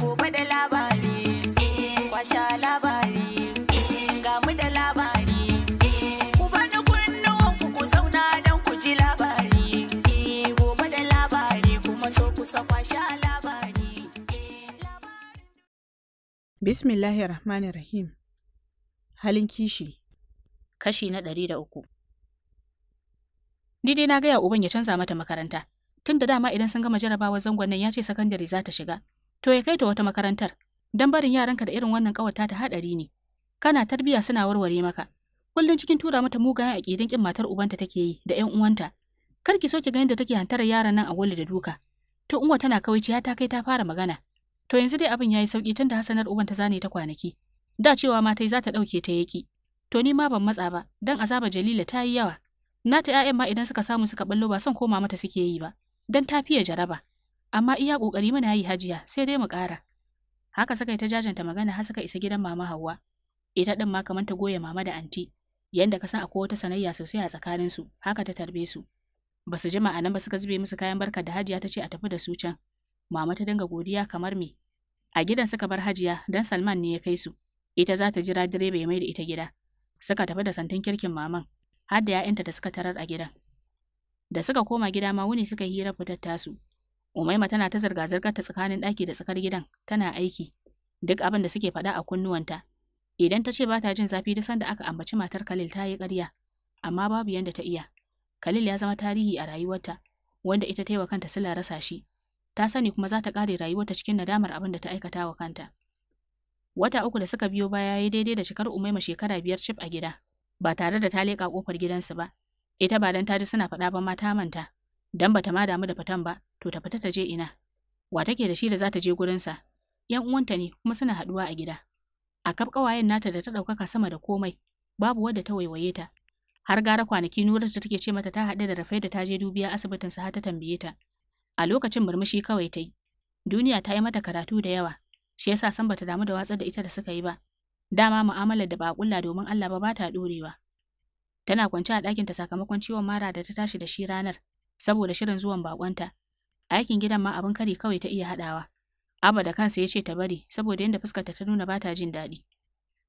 gobe da labari eh, kwasha labari eh, ga mu da labari eh, ku bani kunnuwan ku ku zauna don ku ji labari gobe da labari kuma so ku sa kwasha labari bismillahir rahmanir rahim halin kishi kashi na ɗari da uku ni dai na gaya uban ya canza mata makaranta tun da dama idan sun gama jarabawa zangon nan ya ce sakandare za ta shiga to ya kai ta wata makarantar dan barin yaranka da irin wannan kawata ta hadari ne kana tarbiya suna warware maka kullun cikin tura mata mugayen kidan kin matar ubanta take yi da ƴan uwanta kar ki so ki ga da take hantar yaran nan a wali da duka to uwa tana kawai ta kai ta fara magana to yanzu dai abin yayi sauki tunda Hassanar ubanta ta zane ta kwanaki da cewa ma za ta dauke ta yaki to ni ma ban matsa ba dan azaba Jalila ta yi yawa na ta ƴaƴan ma idan suka samu suka ballo ba son koma mata suke yi ba dan ta fiye jaraba amma iya kokari muna yi hajiya sai dai mu kara haka suka yi ta jajanta magana har suka isa gidan mama Hauwa ita din ma kamar ta goye mama da anti yanda ka san akwai wata sanayya sosai a tsakanin su haka ta tarbe su basu ji ma'ana ba suka zube musu kayan barka da hajiya tace a tafi da su can mama ta dinga godiya kamar me a gidan suka bar hajiya dan Salman ne ya kai su ita za ta jira direba ya mai da ita gida suka tafi da santin kirkin maman har da 'ya'yanta da suka tarar a gidan da suka koma gida ma wuni suka hira fitar tasu Umaima tana ta zirga-zirgar ta tsakanin ɗaki da tsakar gidan, tana aiki. Duk abin da suke faɗa a kunnuwanta. Idan ta ce ba ta jin zafi da sanda aka ambaci matar Khalil ta yi ƙarya, amma babu yanda ta iya. Khalil ya zama tarihi a rayuwarta, wanda ita ta yi wa kanta sila rasa shi. Ta sani kuma za ta ƙare rayuwarta cikin nadamar abin da ta aikata wa kanta. Wata uku da suka biyo baya ya daidai da cikar Umaima shekara biyar cif a gida, ba tare da ta leƙa kofar gidansu ba. Ita ba don ta ji suna faɗa ba ma ta manta, Dan bata ma damu da fatan ba, to ta fita ta je ina. Wa take da shi da za ta je gurinsa? ‘Yan uwanta ne kuma suna haduwa a gida. A kaf ƙawayen nata da ta ɗaukaka sama da komai, babu wanda ta waiwaye ta. Har gara kwanaki Nura ta take ce mata ta haɗu da Rafai ta je dubiya asibitin sa ta tambaye ta. A lokacin murmushi kawai ta yi. Duniya ta yi mata karatu da yawa, shi yasa san bata damu da watsar da ita da suka yi ba. Dama mu'amalar da ba domin Allah ba ba ta ɗorewa. Tana kwance a ɗakinta sakamakon ciwon mara da ta tashi da shi ranar. saboda shirin zuwan bakonta. Aikin gidan ma abin kari kawai ta iya haɗawa. Abba da kansa ya ce ta bari saboda yadda fuskarta ta nuna ba ta jin daɗi.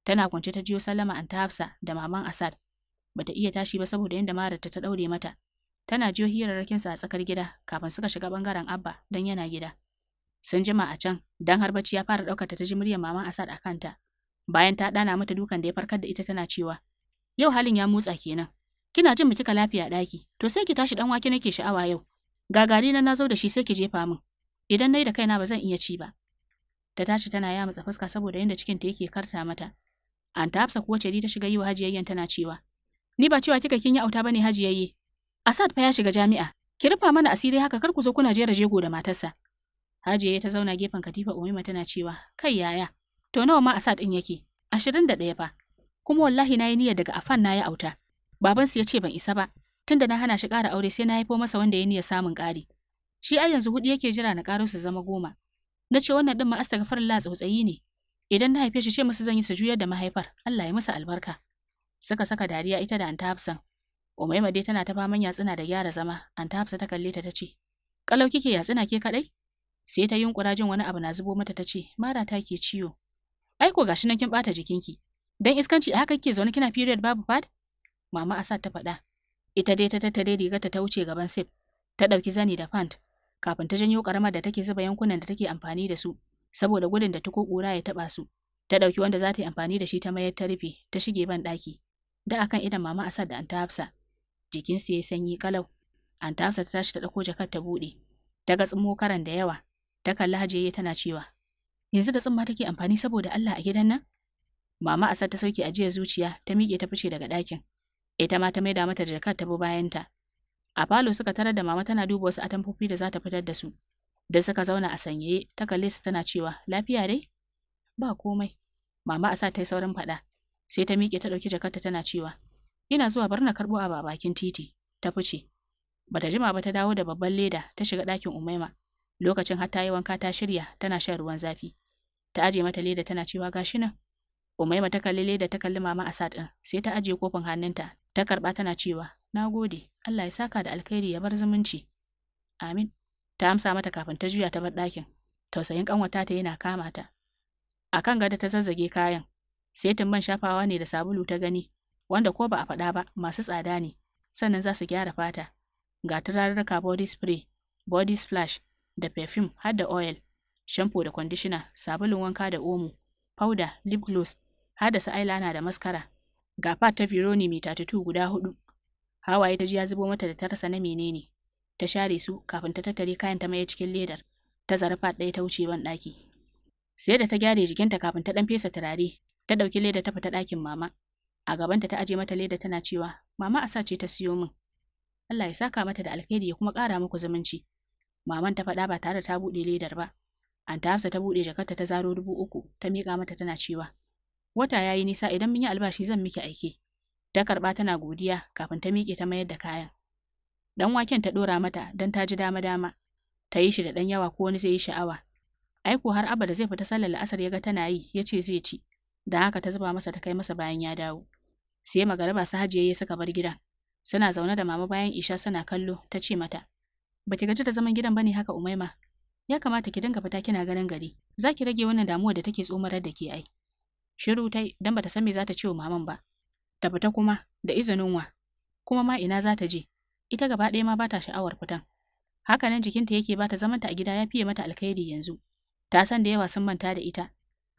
Tana kwance ta jiyo sallama an ta Hafsa da maman Asad. Bata iya tashi ba saboda yadda Marata ta daure mata. Tana jiyo hirarrakinsa a tsakar gida kafin suka shiga bangaren Abba don yana gida. Sun jima a can don har bacci ya fara ɗaukar ta ta ji muryar maman Asad a kanta. Bayan ta ɗana mata dukan da ya farkar da ita tana cewa, Yau halin ya motsa kenan, Kina jin mu kika lafiya daki to sai ki tashi dan wake nake sha'awa yau. Gagari na nazo da shi sai ki jefa min. Idan nayi da kaina ba zan iya ci ba. Ta tashi tana ya tsafaska fuska saboda yanda cikin ta yake karta mata. An ta hafsa kuwa ta shiga yi wa hajiyayyen tana cewa. Ni ba cewa kika kin yi auta bane hajiyayye. Asad fa ya shiga jami'a. Ki rufa mana asiri haka kar ku zo kuna jera jego da matarsa. Hajiyayye ta zauna gefen katifa Umima tana cewa, "Kai yaya, to nawa ma Asad din yake? ɗaya fa. Kuma wallahi na yi niyyar daga afan na ya auta. Babansu ya ce ban isa ba, tunda na hana shi ƙara aure sai na haifo masa wanda ya niyya samun ƙari. Shi a yanzu hudu yake jira na ƙaro su zama goma. Na ce wannan din ma astaghfirullah tsautsayi ne. Idan na haife shi ce musu zan yi su juya da mahaifar, Allah ya masa albarka. Saka saka dariya ita da Anta Hafsan. Umaima dai tana ta faman yatsuna da gyara zama, Anta Hafsa ta kalle ta tace "Kalau kike yatsuna ke kaɗai?" Sai ta yunkura jin wani abu na zubo mata ta ce, "Mara ta ke ciwo." Ai ko gashi nan kin bata jikinki. Dan iskanci a haka kike zaune kina period babu fad Mama Asad ta faɗa. Ita dai ta tattare rigarta ta wuce gaban Sif, ta ɗauki zani da fant, kafin ta janyo ƙaramar da take zuba yankunan da take amfani da su, saboda gudun da tuko ƙura ya taɓa su. Ta ɗauki wanda za ta yi amfani da shi ta mayar ta rufe, ta shige ban ɗaki. Da akan idan Mama Asad da Anta Hafsa, jikinsu ya yi sanyi kalau. Anta Hafsa ta tashi ta ɗauko jakar ta buɗe, ta ga tsumo karan da yawa, ta kalli hajiyayye tana cewa, Yanzu da tsumma take amfani saboda Allah a gidan nan? Mama Asad ta sauke ajiyar zuciya ta miƙe ta fice daga ɗakin. ita ma ta maida mata jakar ta bi bayanta. A falo suka tarar da mama tana duba wasu atamfofi da za ta fitar da su. Da suka zauna a sanyaye, ta kalle su tana cewa, "Lafiya dai?" Ba komai. Mama a sa ta yi saurin faɗa. Sai ta miƙe ta ɗauki jakarta tana cewa, "Ina zuwa bar na karɓo a bakin titi." Ta fice. Bata jima ba ta dawo da babban leda ta shiga ɗakin Umaima. Lokacin har ta yi wanka ta shirya tana shan ruwan zafi. Ta aje mata leda tana cewa gashi nan Umaima ta kalli leda ta kalli mama Asad ɗin, sai ta ajiye kofin hannunta, ta karɓa tana cewa, "Na gode, Allah ya saka da alkhairi ya bar zumunci." Amin. Ta amsa mata kafin ta juya ta bar ɗakin. Tausayin ƙanwata ta yana kama ta. A kan gada ta zazzage kayan, setin man shafawa ne da sabulu ta gani, wanda ko ba a faɗa ba masu tsada ne, sannan za su gyara fata. Ga turaruka body spray, body splash, da perfume har da oil, shampoo da conditioner, sabulun wanka da omo, powder, lip gloss, har da su eyeliner da maskara. Ga fat ta Vironi mai tutu guda hudu. Hawaye ta ji ya zubo mata da ta rasa na menene. Ta share su kafin ta tattare kayan ta maye cikin ledar. Ta zara fat ɗaya ta wuce ban ɗaki. Sai da ta gyara jikinta kafin ta ɗan fesa turare, ta ɗauki ledar ta fita ɗakin mama. A gabanta ta aje mata ledar tana cewa, Mama a ce ta siyo min. Allah ya saka mata da alkhairi ya kuma ƙara muku zumunci. Maman ta faɗa ba tare da ta buɗe ledar ba. Anta Hafsa ta buɗe jakarta ta zaro dubu uku ta miƙa mata tana cewa, Wata ya yi nisa idan mun yi albashi zan miki aike. Ta karba tana godiya kafin ta miƙe ta mayar da kayan. Dan waken ta ɗora mata don ta ji dama-dama. Ta yi shi da ɗan yawa ko wani zai yi sha'awa. Aiko har abada zai fita sallar la'asar ya ga tana yi ya ce zai ci. Da haka ta zuba masa ta kai masa bayan ya dawo. Sai magariba su hajiye suka bar gidan. Suna zaune da mama bayan Isha suna kallo ta ce mata. Ba ki gaji da zaman gidan ba ne, haka Umaima. Ya kamata ki dinga fita kina ganin gari. Za ki rage wannan damuwa da take tsomarar da ke ai. Shiru ta yi don bata san me za ta ce wa maman ba. Ta fita kuma da izinin kuma ma ina za ta je, ita gaba ɗaya ma bata sha'awar fitan. Haka nan jikinta yake bata zamanta a gida ya fiye mata alkhairi yanzu. Ta san da yawa sun manta da ita.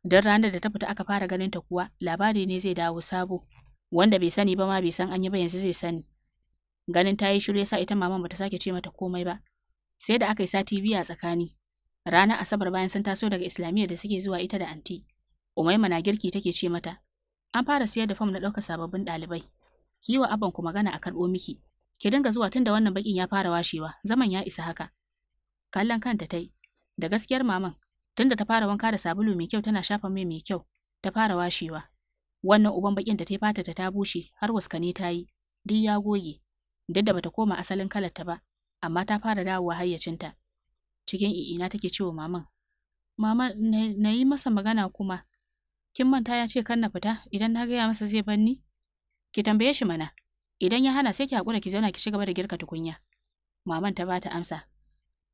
Don ranar da ta fita aka fara ganin ta kuwa labari ne zai dawo sabo, wanda bai sani ba ma bai san an yi ba yanzu zai sani. Ganin ta yi shiru ya sa ita maman bata sake ce mata komai ba. Sai da aka yi sati biyu a tsakani, ranar Asabar bayan sun taso daga Islamiyya da suke zuwa ita da anti. Umaima na girki take ce mata, an fara siyar da fam na ɗaukar sababbin ɗalibai. Ki yi wa ku magana a karɓo miki. Ki dinga zuwa tun da wannan baƙin ya fara washewa, zaman ya isa haka. Kallon kanta ta yi, da gaskiyar maman, tun da ta fara wanka da sabulu mai kyau tana shafa mai mai kyau, ta fara washewa. Wannan uban baƙin da ta fata ta ta bushe har waskane ta yi, duk ya goge, duk da bata koma asalin kalar ta ba, amma ta fara dawowa hayyacinta. Cikin i'ina take wa maman, Mama na yi masa magana kuma, kin manta ya ce kan na fita idan na gaya masa zai bar ni ki tambaye shi mana idan ya hana sai ki hakura ki zauna ki cigaba da girka tukunya maman ta bata amsa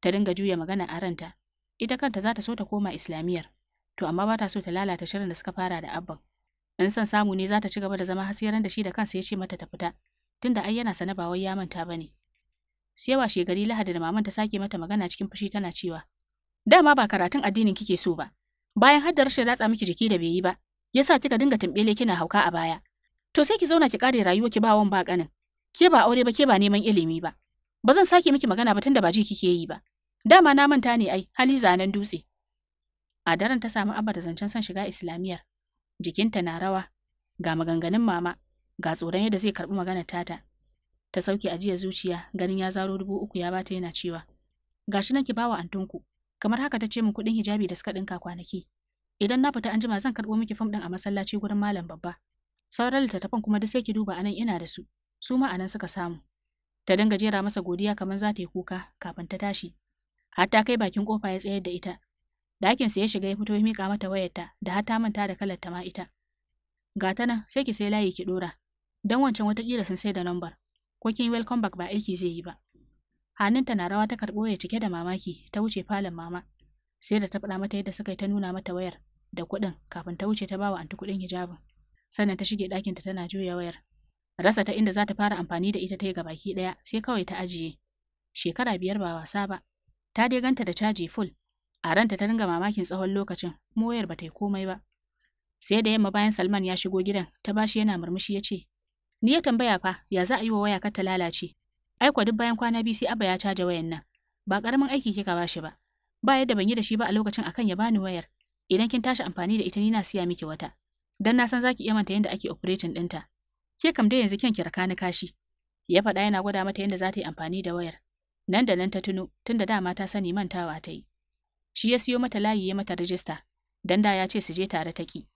ta dinga juya magana a ranta ita kanta za ta so ta koma islamiyar to amma ba ta so ta lalata shirin da suka fara da abban in son samu ne za ta ci gaba da zama hasiran da shi da kansa ya ce mata ta fita tunda ai yana sana ba wai ya manta bane sai washe gari Lahadi da maman ta sake mata magana cikin fushi tana cewa dama ba karatun addinin kike so ba bayan har da rashin ratsa miki jiki da bai yi ba yasa kika dinga tumbele kina hauka a baya to sai ki zauna ki kare rayuwa ki ba wan ba kanin ke ba aure ba ke ba neman ilimi ba ba zan sake miki magana ba tunda ba ji kike yi ba dama na manta ne ai hali zanen dutse a daren ta samu abba da zancen son shiga islamiyar jikinta na rawa ga maganganun mama ga tsoron yadda zai karbi magana tata ta sauke ajiya zuciya ganin ya zaro dubu uku ya bata yana cewa gashi nan ki bawa antunku kamar haka ta ce min kuɗin hijabi da suka ɗinka kwanaki idan na fita anjima zan karɓo miki fam ɗin a masallaci gurin malam babba sauran littattafan kuma duk sai ki duba anan ina da su su ma anan suka samu ta dinga jera masa godiya kamar za ta yi kuka kafin ta tashi hatta kai bakin kofa ya tsayar da ita dakin sa ya shiga ya fito ya mika mata wayarta da har ta manta da kalar ta ma ita ga ta nan sai ki sai layi ki ɗora. Don wancan watakila sun sai da lambar ko kin welcome back ba aiki zai yi ba Hannunta na rawa ta karɓo ya cike da mamaki ta wuce falon mama. Sai da ta faɗa mata yadda suka yi ta nuna mata wayar da kuɗin kafin ta wuce ta ba wa anti kuɗin hijabin. Sannan ta shige ɗakinta tana juya wayar. Rasa ta inda za ta fara amfani da ita ta yi baki ɗaya sai kawai ta ajiye. Shekara biyar ba wasa ba. Ta dai ganta da caji full. A ranta ta dinga mamakin tsawon lokacin kuma wayar ba ta yi komai ba. Sai da yamma bayan Salman ya shigo gidan ta bashi yana murmushi ya ce, Ni ya tambaya fa ya za a yi wa waya kar ta lalace Aiko duk bayan kwana biyu sai Abba ya caja wayan nan. Ba karamin aiki kika ba shi ba. Ba yadda ban yi da shi ba a lokacin akan ya bani wayar. Idan kin tashi amfani da ita ni na siya miki wata. Dan na san zaki iya manta yadda ake operating ɗinta. Ke kam dai yanzu kyan ki raka ni kashi. Ya faɗa yana gwada mata yadda za ta yi amfani da wayar. Nan da nan ta tuno tunda dama ta sani mantawa ta yi. Shi ya siyo mata layi ya mata rijista. Dan da ya ce su je tare ta ki.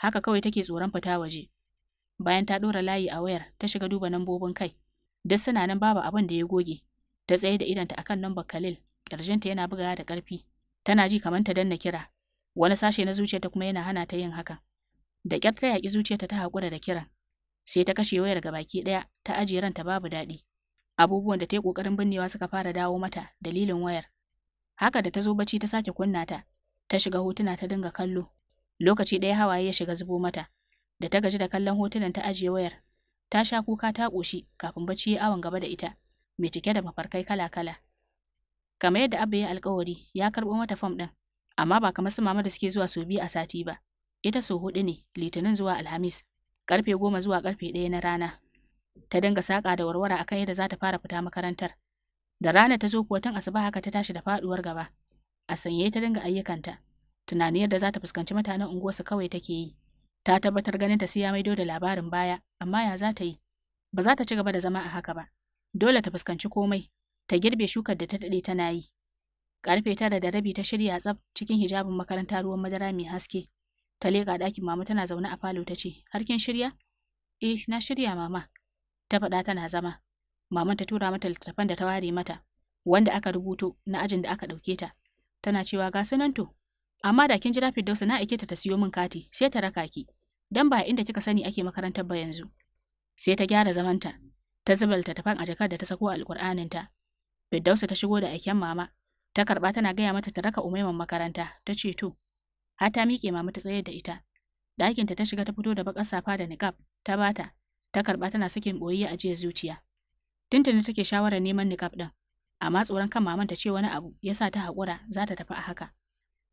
Haka kawai take tsoron fita waje. Bayan ta ɗora layi a wayar, ta shiga duba nambobin kai. duk suna nan babu abin da ya goge ta tsaye da idanta akan lambar Khalil ƙirjinta yana bugawa da ƙarfi tana ji kamar ta danna kira wani sashe na zuciyarta kuma yana hana ta yin haka da ƙyar ta yaki zuciyarta ta haƙura da kiran sai ta kashe wayar ga baki ɗaya ta ajiye ranta babu daɗi abubuwan da ta yi ƙoƙarin binnewa suka fara dawo mata dalilin wayar haka da ta zo bacci ta sake kunna ta ta shiga hotuna ta dinga kallo lokaci ɗaya hawaye ya shiga zubo mata da ta gaji da kallon hotunan ta ajiye wayar ta sha kuka ta ƙoshi kafin bacci ya awon gaba da ita, mai cike da mafarkai kala-kala. Kamar yadda Abba ya alkawari ya karɓo mata fam ɗin, amma ba kamar su mama da suke zuwa sau biyu a sati ba. Ita sau huɗu ne, Litinin zuwa Alhamis, karfe goma zuwa karfe ɗaya na rana. Ta dinga saƙa da warwara akan yadda za ta fara fita makarantar. Da rana ta zo kuwa tun asuba haka ta tashi da faɗuwar gaba. A sanye ta dinga ayyukanta, tunanin yadda za ta fuskanci mutanen unguwarsu kawai take yi. Ta tabbatar ganin ta sai ya maido da labarin baya, amma ya za ta yi? Ba za ta ci gaba da zama a haka ba. Dole ta fuskanci komai, ta girbe shukar da ta daɗe tana yi. Karfe tara da rabi ta shirya tsaf cikin hijabin makaranta ruwan madara mai haske. Ta leƙa ɗakin mama tana zaune a falo ta ce, Har kin shirya? Eh, na shirya mama. Ta faɗa tana zama. Maman ta tura mata littattafan da ta ware mata, wanda aka rubuto na ajin da aka ɗauke ta. Tana cewa ga sunan to, amma da kin jira Firdausa na aike ta ta siyo min kati, sai ta raka ki. Don ba inda kika sani ake makarantar ba yanzu. Sai ta gyara zamanta, ta zuba littattafan a jakar da ta sako alƙur'aninta. Firdausa ta shigo da aiken mama, ta karba tana gaya mata ta raka umaiman makaranta, ta ce to. Har ta miƙe mama ta tsayar da ita. Ɗakinta ta shiga ta fito da baƙar safa da niƙab, ta bata, ta karɓa tana sakin ɓoyayya a jiya zuciya. Tuntuni take shawarar neman niƙab ɗin, amma tsoron kan maman ta ce wani abu ya sa ta haƙura za ta tafi a haka.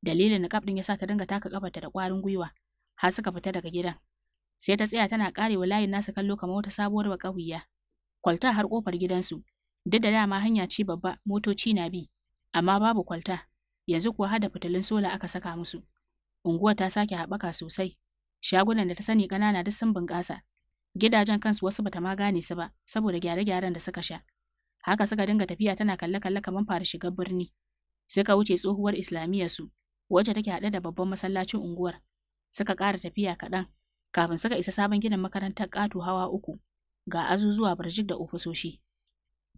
Dalilin niƙab ɗin ya sa ta dinga taka ƙafarta da ƙwarin gwiwa, har suka fita daga gidan. Sai ta tsaya tana wa layin nasa kallo kamar wata sabuwar bakawiya. Kwalta har kofar gidansu, duk da dama hanya ce babba motoci na bi, amma babu kwalta, yanzu kuwa hada fitilun sola aka saka musu. Unguwar ta sake haɓaka sosai, shagunan da ta sani ƙanana duk sun bunƙasa. Gidajen kansu wasu bata ma gane su ba, saboda gyare-gyaren da suka sha. Haka suka dinga tafiya tana kalle-kalle kamar fara shiga birni. Suka wuce tsohuwar islamiyya su, wacce take haɗe da babban masallacin unguwar, Suka ƙara tafiya kaɗan, kafin suka isa sabon ginin makarantar ƙato hawa uku, ga azuzuwa birjik da ofisoshi.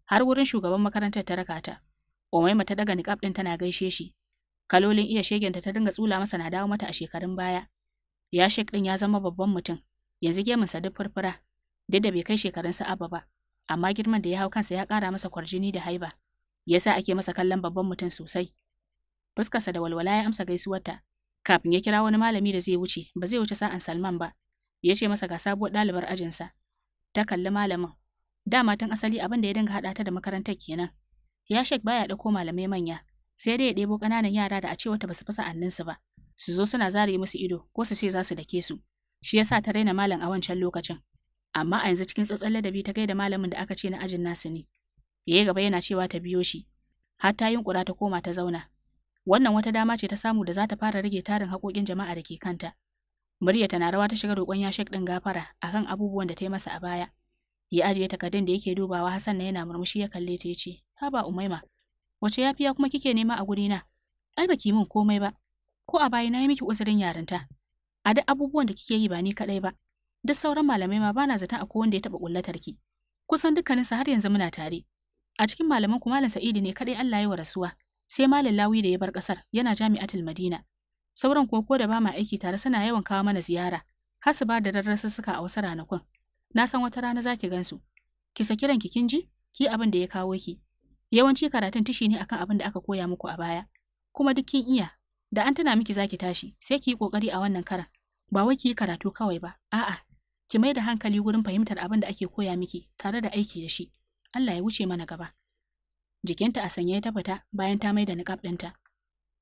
Har wurin shugaban makarantar ta raka ta, Umaima ta daga niƙaf ɗin tana gaishe shi. Kalolin iya shegenta ta dinga tsula masa na dawo mata a shekarun baya. Ya shek ɗin ya zama babban mutum, yanzu gemunsa duk furfura, duk da bai kai shekarunsa aba ba, amma girman da ya hau kansa ya ƙara masa kwarjini da haiba. Yasa ake masa kallon babban mutum sosai. Fuskarsa da walwala ya amsa gaisuwarta, kafin ya kira wani malami da zai wuce ba zai wuce sa'an Salman ba ya ce masa ga sabuwar ɗalibar ajinsa ta kalli malamin Da matan asali abin da ya dinga haɗa ta da makarantar kenan ya shek baya ɗauko malamai manya sai dai ya ɗebo ƙananan yara da a ce wata basu fasa sa'anninsu ba su zo suna zare musu ido ko su ce za su dake su shi yasa ta raina malam a wancan lokacin amma a yanzu cikin tsatsan ladabi ta gaida malamin da aka ce na ajin nasu ne Ya yayi gaba yana cewa ta biyo shi har ta yunkura ta koma ta zauna Wannan wata dama ce ta samu da za ta fara rage tarin haƙoƙin jama'a da ke kanta. Murya tana rawa ta shiga roƙon ya shek ɗin gafara akan abubuwan da ta yi masa a baya. Ya ajiye takardun da yake dubawa Hassan na yana murmushi ya kalle ta ya ce, Haba Umaima, wace yafiya kuma kike nema a gurina? Ai baki min komai ba, ko a baya na yi miki uzurin yarinta. A duk abubuwan da kike yi ba ni kaɗai ba, duk sauran malamai ma bana zaton a wanda ya taɓa ƙullatar ki. Kusan dukkaninsa har yanzu muna tare. A cikin malaman ku Malam ne kaɗai Allah ya wa rasuwa, sai malam lawi da ya bar kasar yana jami'atul madina sauran koko da ba ma aiki tare suna yawan kawo mana ziyara har ba da rarrasa suka a wasu ranakun na san wata rana za ki gansu ki saki ranki kin ji ki abin da ya kawo ki yawanci karatun tishi ne akan abin da aka koya muku a baya kuma duk kin iya da an tana miki zaki tashi sai ki yi kokari a wannan karan ba wai ki yi karatu kawai ba a'a ki mai da hankali gurin fahimtar abin da ake koya miki tare da aiki da shi Allah ya wuce mana gaba. jikinta a sanye ta fita bayan ta maida niƙaf ɗinta.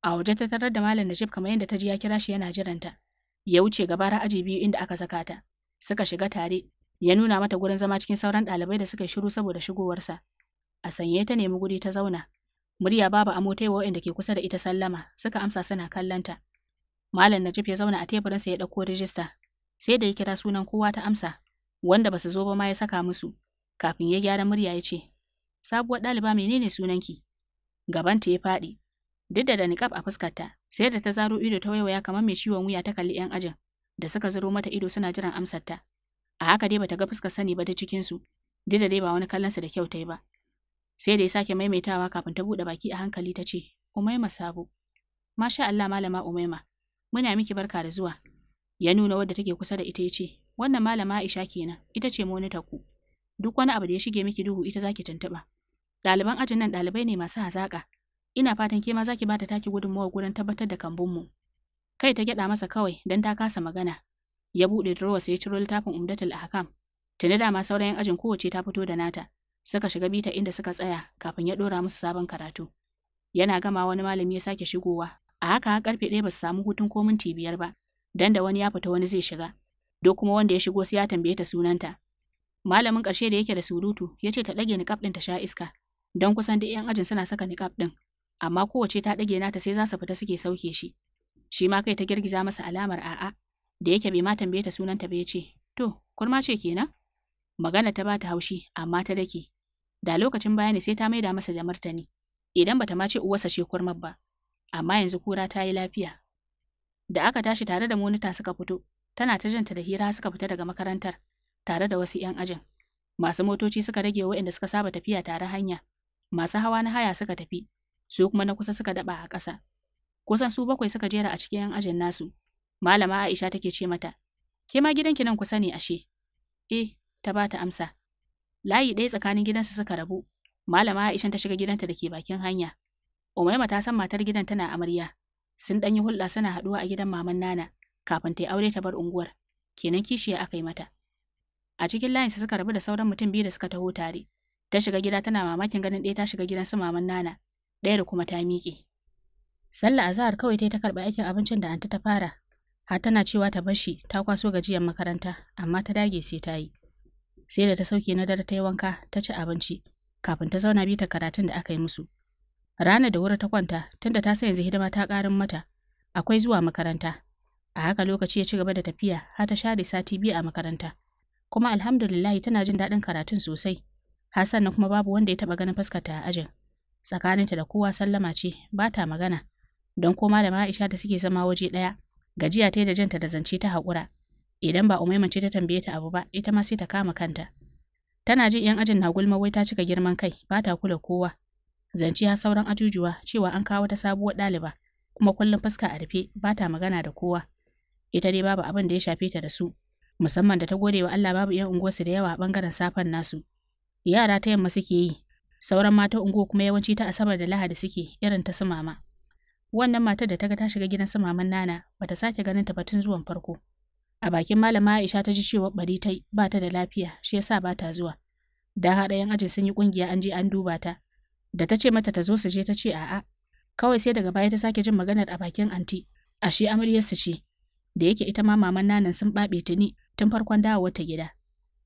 A waje ta tarar da Malam Najib kamar yadda ta ji ya kira shi yana jiranta. Ya wuce gabara aji biyu inda aka saka ta. Suka shiga tare, ya nuna mata gurin zama cikin sauran ɗalibai da suka yi shiru saboda shigowarsa. A sanye ta nemi guri ta zauna. Murya babu amo ta wa ke kusa da ita sallama, suka amsa suna kallonta. Malam Najib ya zauna a teburinsa ya ɗauko rijista. Sai da ya kira sunan kowa ta amsa, wanda ba su zo ba ma ya saka musu. Kafin ya gyara murya ya ce, Sabuwar ɗaliba menene sunanki? Gabanta ya faɗi. Duk da da niƙaf a fuskarta, sai da ta zaro ido ta waiwaya kamar mai ciwon wuya ta kalli 'yan ajin da suka zaro mata ido suna jiran amsarta. A haka dai bata ga fuskar sani ba ta cikinsu, duk da dai ba wani kallonsa da kyau ta yi ba. Sai da ya sake maimaitawa kafin ta buɗe baki a hankali ta ce, Umaima Sabo. Masha Allah Malama Umaima, muna miki barka da zuwa. Ya nuna wadda take kusa da ita ya ce, Wannan Malama Aisha kenan, ita ce monita ku. Duk wani abu da ya shige miki duhu ita zaki tuntuɓa. Ɗaliban ajin nan ɗalibai ne masu hazaƙa. Ina fatan ke ma zaki bata taki gudunmawa gurin tabbatar da mu. Kai ta gyaɗa masa kawai don ta kasa magana. Ya buɗe durowa sai ya ciro littafin Umdatul Ahkam. Tuni da ma sauran ajin kowace ta fito da nata. Suka shiga bita inda suka tsaya kafin ya dora musu sabon karatu. Yana gama wani malami ya sake shigowa. A haka karfe ɗaya ba su samu hutun ko minti biyar ba. Dan da wani ya fita wani zai shiga. Duk kuma wanda ya shigo sai ya tambaye ta sunanta. Malamin ƙarshe da yake da surutu ya ce ta ɗage niƙaf ɗin ta sha iska, don kusan duk 'yan ajin suna saka niƙaf ɗin, amma kowace ta ɗage nata sai za su fita suke sauke shi. Shi ma kai ta girgiza masa alamar a'a, da yake bai ma tambaye ta sunanta ba ya ce, To, kurma ce kenan? Magana ta ba ta haushi, amma ta dake. Da lokacin baya ne sai ta maida masa da martani, idan bata ma ce uwarsa ce kurmar ba, amma yanzu kura ta yi lafiya. Da aka tashi tare da monita suka fito, tana ta janta da hira suka fita daga makarantar. tare da wasu 'yan ajin. Masu motoci suka rage inda suka saba tafiya tare hanya, masu hawa na haya suka tafi, su kuma na kusa suka daba a ƙasa. Kusan su bakwai suka jera a cikin 'yan ajin nasu. Malama Aisha take ce mata, Ke ma gidanki nan kusa ne ashe? Eh, ta ba ta amsa. Layi ɗaya tsakanin gidansu suka rabu. Malama Aisha ta shiga gidanta da ke bakin hanya. Umaima ta san matar gidan tana amarya. Sun ɗan hulɗa suna haɗuwa a gidan maman Nana kafin ta yi aure ta bar unguwar. Kenan kishiya aka yi mata. a cikin layin su suka rabu da sauran mutum biyu da suka taho tare ta shiga gida tana mamakin ganin ɗaya ta shiga gidan su maman nana ɗaya da kuma ta miƙe sallah azahar kawai ta ta karɓi aikin abincin da anta ta fara har tana cewa ta bashi ta kwaso gajiyar makaranta amma ta dage sai ta yi sai da ta sauke na dare ta yi wanka ta ci abinci kafin ta zauna biyu ta karatun da aka yi musu rana da wuri ta kwanta tunda ta sa yanzu hidima ta ƙarin mata akwai zuwa makaranta a haka lokaci ya ci gaba da tafiya har ta share sati biyu a makaranta kuma alhamdulillahi tana jin daɗin karatun sosai. Hassan na kuma babu wanda ya taɓa ganin fuskarta a ajin. Tsakaninta da kowa sallama ce, ba ta magana. Don ko malama Aisha da suke zama waje ɗaya, gajiya ta da janta da zance ta haƙura. Idan ba Umaiman ce ta tambaye ta abu ba, ita ma sai ta kama kanta. Tana jin ‘yan ajin na gulma wai ta cika girman kai, ba ta kula kowa. Zance har sauran ajujuwa cewa an kawo ta sabuwar ɗaliba, kuma kullum fuska a rufe, ba ta magana da kowa. Ita dai babu abin da ya shafe ta da su, musamman da ta gode wa Allah babu ‘yan unguwarsu da yawa a ɓangaren safen nasu. Yara ta yamma suke yi, sauran mata ungo kuma yawanci ta Asabar da Lahadi suke irin ta su mama. Wannan matar da ta ga ta shiga gidan su maman Nana ta sake ganin ta ba tun zuwan farko. A bakin malama Aisha ta ji cewa bari ta ba ta da lafiya, shi yasa ba ta zuwa. Da haɗa ‘yan aji sun yi ƙungiya an je an duba ta. Da ta ce mata ta zo su je ta ce a'a. Kawai sai daga baya ta sake jin maganar a bakin anti, ashe amaryarsu ce. Da yake ita ma maman nanan sun ɓaɓe tuni tun farkon wata gida.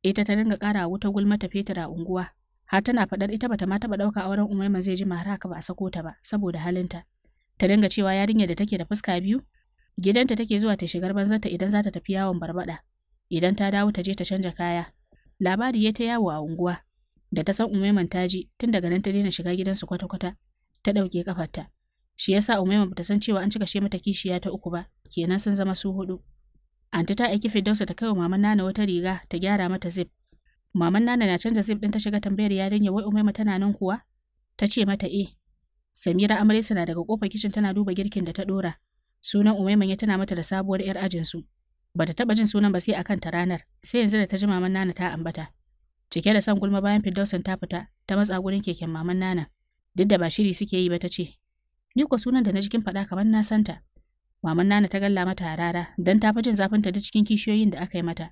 Ita ta dinga ƙara wuta gulma ta fetur a unguwa, har tana faɗar ita bata ma taɓa ɗauka auren Umaima zai ji mara haka ba a sako ta ba saboda halinta. Ta dinga cewa yarinya da take da fuska biyu, gidanta take zuwa ta shigar ta idan za ta tafi yawon barbaɗa. Idan ta dawo ta je ta canja kaya. Labari ya ta yawo a unguwa, da ta san Umaiman ta ji tun daga nan ta daina shiga gidansu kwata-kwata, ta ɗauke kafarta. Shi yasa Umaiman bata san cewa an cika she mata kishiya ta uku ba, kenan sun zama su huɗu. Anta ta aiki Firdausa ta kai wa maman Nana wata riga ta gyara mata zip. Maman Nana na canza zip ɗin ta shiga tambayar yarinya wai Umaima tana nan kuwa? Ta ce mata eh. Samira Amarisa na daga kofar kicin tana duba girkin da ta dora. Sunan umaima ya tana mata da sabuwar 'yar ajinsu. Ba ta taɓa jin sunan ba sai a kanta ranar, sai yanzu da ta ji maman Nana ta ambata. Cike da san gulma bayan Firdausan ta fita, ta matsa gurin keken maman Nana. Duk da ba shiri suke yi ba ta ce, Ni ko sunan da na jikin faɗa kamar na santa. Maman Nana ta galla mata harara Dan ta fi jin zafinta duk cikin kishiyoyin da aka yi mata.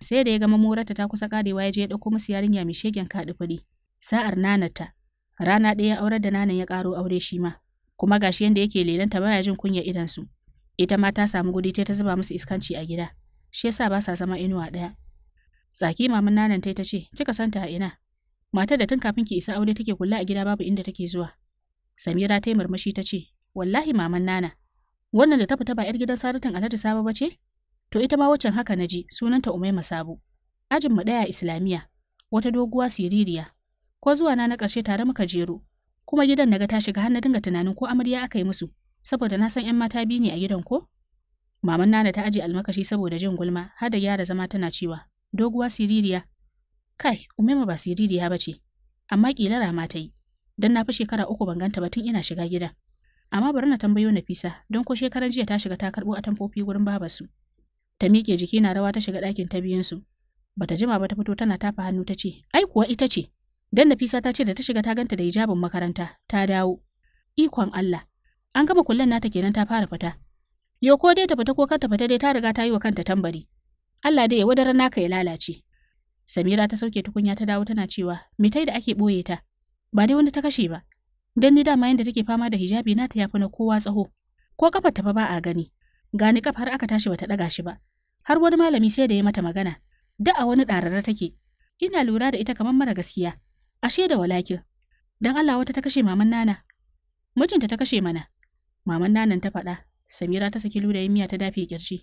Sai da ya gama mamorarta ta kusa karewa ya je ya ɗauko musu yarinya mai shegen kaɗi kuɗi. Sa'ar ta. rana ɗaya aurar da nanan ya karo aure shi ma, kuma gashi yanda yake lelanta baya jin kunya su. Ita ma ta samu gudi ta zuba musu iskanci a gida, shi yasa ba sa zama inuwa ɗaya. Tsaki maman nanan ta ce, kika santa a ina? Matar da tun kafin ki isa aure take kula a gida babu inda take zuwa. Samira ta yi murmushi ta ce, wallahi maman nana, Wannan da ta fita ba 'yar gidan Saratin Alhaji Sabo ba ce? To ita ma waccan haka na ji sunanta Umaima Sabo. Ajin mu ɗaya Islamiyya, wata doguwa siririya. Ko zuwa na na ƙarshe tare muka jero. Kuma gidan naga ta shiga har na dinga tunanin ko amarya aka yi musu, saboda na san 'yan mata biyu ne a gidan ko? Maman Nana ta aje almakashi saboda jin gulma, har da gyara zama tana cewa, doguwa siririya. Kai, Umaima ba siririya ba ce, amma ƙilara ma ta yi, don na fi shekara uku ban ganta ba tun ina shiga gidan. Amma bari na tambayo Nafisa don ko shekaran jiya ta shiga ta karɓo tamfofi gurin babarsu. Ta miƙe jiki na rawa ta shiga ɗakin ta su Bata jima ba ta fito tana tafa hannu ta ce, "Ai kuwa ita ce." Dan Nafisa ta ce da ta shiga ta ganta da hijabin makaranta, ta dawo. Ikon Allah. An gama kullen nata kenan ta fara fita. Yau ko dai ta fita ko kanta ta fita dai ta riga ta yi wa kanta tambari. Allah dai ya wadarar naka ya lalace. Samira ta sauke tukunya ta dawo tana cewa, "Me tai da ake ɓoye ta?" Ba dai wanda ta kashe ba. don ni dama yadda take fama da hijabi na ta yafi na kowa tsaho ko kafar ta fa ba a gani gani har aka tashi bata daga shi ba har wani malami sai da ya mata magana da a wani ɗararra take ina lura da ita kamar mara gaskiya ashe da walakin dan Allah wata ta kashe maman nana mijinta ta kashe mana maman nanan ta faɗa Samira ta saki ludayin miya ta dafe kirji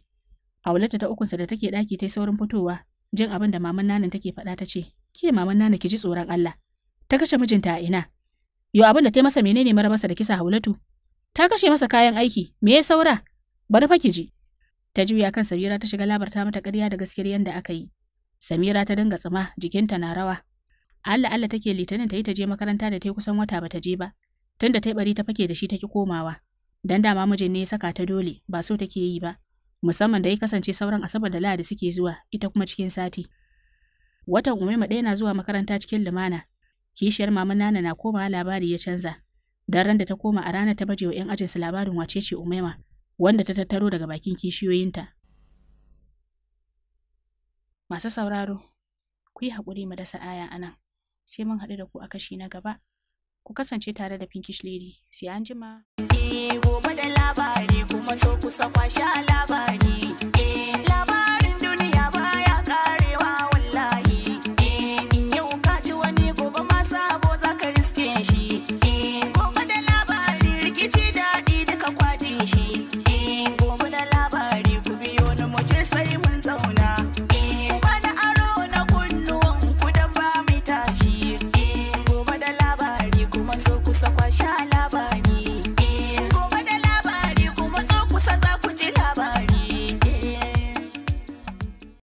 Aulata ta ukunsa da take daki ta saurin fitowa jin abin da maman nanan take faɗa ta ce ke maman nana ki ji tsoron Allah ta kashe mijinta a ina Yo abin da ta masa menene mara da kisa Haulatu? Ta kashe masa kayan aiki, me ya saura? Bari fa ki ji. Ta juya kan Samira ta shiga labarta mata ƙarya da gaskiyar yadda aka yi. Samira ta dinga tsima, jikinta na rawa. Allah Allah take litinin ta yi ta je makaranta da ta kusan wata bata je ba. Tunda ta bari ta fake da shi ta ki komawa. Dan dama mijin ne ya saka ta dole, ba so take yi ba. Musamman da ya kasance sauran asabar da Lahadi suke zuwa, ita kuma cikin sati. Watan Umaima ɗaya na zuwa makaranta cikin lumana, kishiyar mama nana na koma labari ya canza dan ran da ta koma a ranar ta baje wa 'yan ajinsu labarin wace ce umaima wanda ta tattaro daga bakin kishiyoyinta masu sauraro ku yi haƙuri mu dasa aya a nan sai mun haɗu da ku a kashi na gaba ku kasance tare da pinkish lady sai an jima eh, gobe da labari kuma so kusa kwashe labari